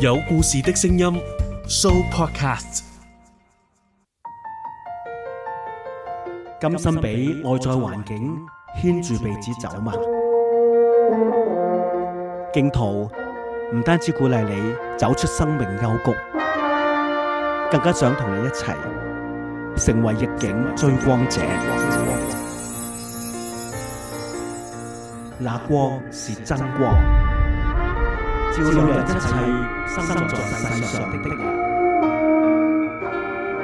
有故事的聲音，Sooopodcast。甘心俾外在環境牽住鼻子走嘛？荊徒唔單止鼓勵你走出生命幽谷，更加想同你一齊成為逆境追光者。那光是真光。照亮一切生在世上的的人，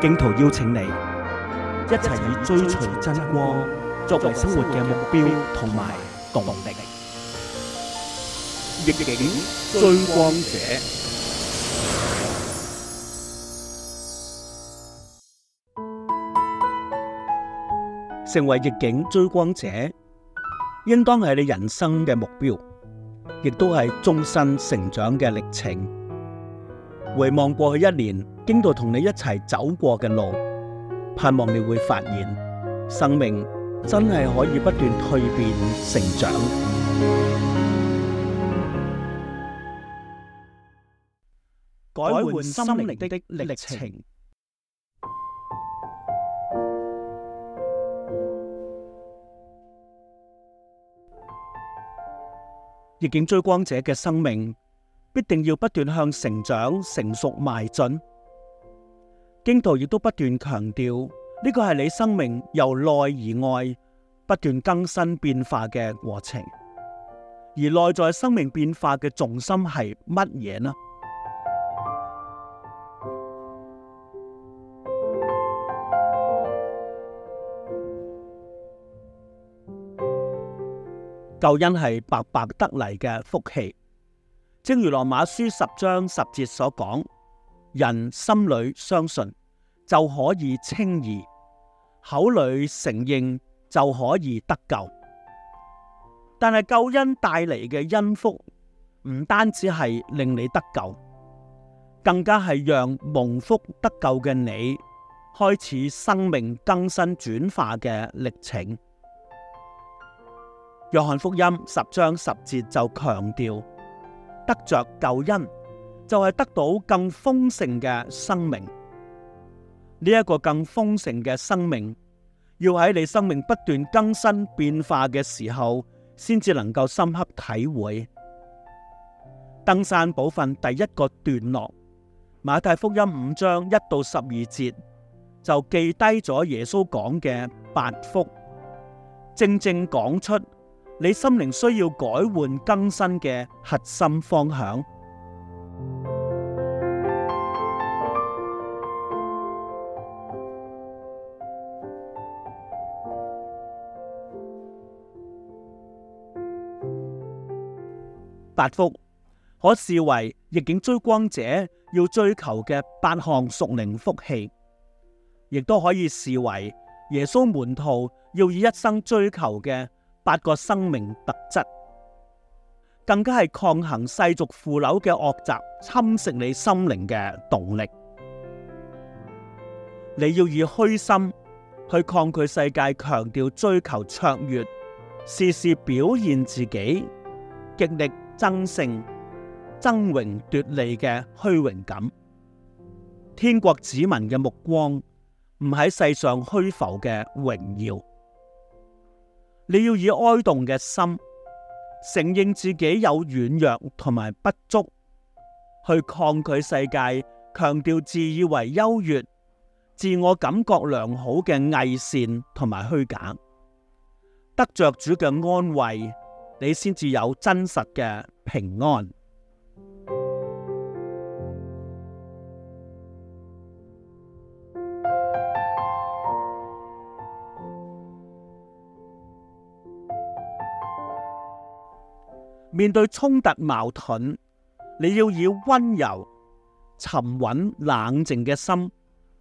荊徒邀請你一齊以追隨真光作為生活嘅目標同埋動力。逆境追光者，成為逆境追光者，應當係你人生嘅目標，亦都係終身成長嘅歷程。回望過去一年，經過同你一齊走過嘅路，盼望你會發現，生命真係可以不斷蛻變成長，改換心靈的歷程。逆境追光者嘅生命必定要不斷向成長成熟邁進，荊徒亦都不斷強調呢個係你生命由內而外不斷更新變化嘅過程，而內在生命變化嘅重心係乜嘢呢？救恩係白白得嚟嘅福氣，正如羅馬書十章十節所講，人心裏相信就可以稱義，口裏承認就可以得救。但係救恩帶嚟嘅恩福，唔單止係令你得救，更加係讓蒙福得救嘅你，開始生命更新轉化嘅歷程。約翰福音十章十節就強調，得着救恩就係得到更豐盛嘅生命。呢一個更豐盛嘅生命，要喺你生命不斷更新變化嘅時候，先至能夠深刻體會。登山寶訓第一個段落，馬太福音五章一到十二節就記低咗耶穌講嘅八福，正正講出。你心靈需要改換更新嘅核心方向。八福可視為逆境追光者要追求嘅八項屬靈福氣，亦都可以視為耶穌門徒要以一生追求嘅。八個生命特質，更加係抗衡世俗腐朽嘅惡習侵蝕你心靈嘅動力。你要以虛心去抗拒世界強調追求卓越、事事表現自己、極力爭勝、爭榮奪利嘅虛榮感。天國子民嘅目光唔喺世上虛浮嘅榮耀。你要以哀慟嘅心，承認自己有軟弱同埋不足，去抗拒世界強調自以為優越、自我感覺良好嘅偽善同埋虛假，得着主嘅安慰，你先至有真實嘅平安。面對衝突矛盾，你要以温柔、沉穩、冷靜嘅心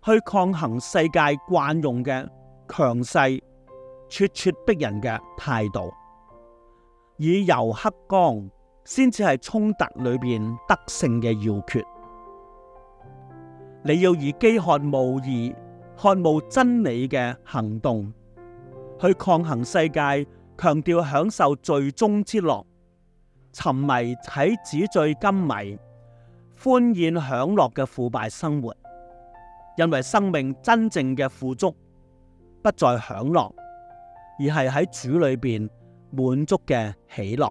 去抗衡世界慣用嘅強勢、咄咄逼人嘅態度，以柔克剛先至係衝突裏面得勝嘅要訣。你要以飢渴慕義、渴慕真理嘅行動去抗衡世界強調享受罪中之樂。沉迷喺紙醉金迷、歡宴享樂嘅腐敗生活，因為生命真正嘅富足不在享樂，而係喺主裏邊滿足嘅喜樂。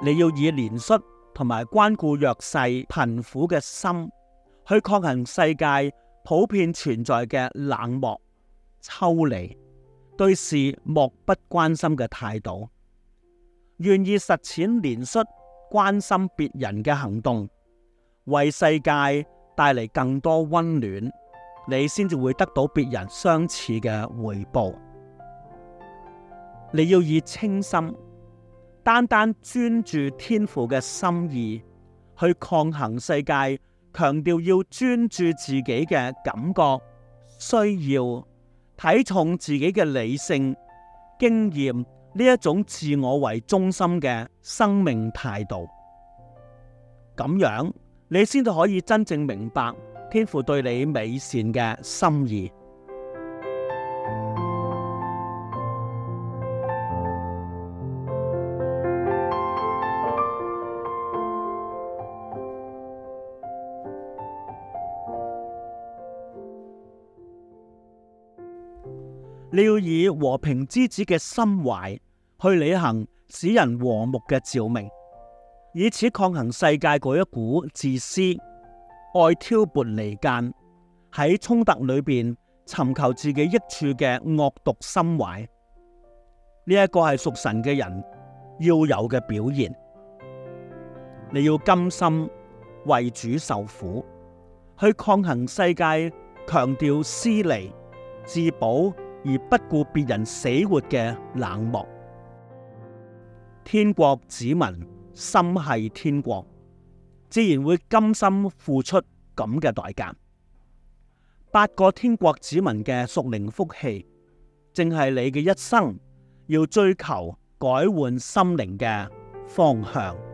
你要以憐恤同埋關顧弱勢、貧苦嘅心，去抗衡世界普遍存在嘅冷漠、抽離、對事漠不關心嘅態度，願意實踐憐恤關心別人嘅行動，為世界帶嚟更多溫暖，你先至會得到別人相似嘅回報。你要以清心、單單專注天父嘅心意去抗衡世界，強調要專注自己嘅感覺、需要，睇重自己嘅理性經驗，呢一種自我為中心嘅生命態度，咁樣你先至可以真正明白天父對你美善嘅心意。你要以和平之子嘅心懷去履行，使人和睦嘅召命，以此抗衡世界嗰一股自私、愛挑撥離間、喺衝突裏邊尋求自己益處嘅惡毒心懷。呢、這、一個係屬神嘅人要有嘅表現。你要甘心為主受苦，去抗衡世界強調私利、自保。而不顧別人死活嘅冷漠，天國子民，心繫天國，自然會甘心付出咁嘅代價。八個天國子民嘅屬靈福氣，正係你嘅一生要追求改換心靈嘅方向。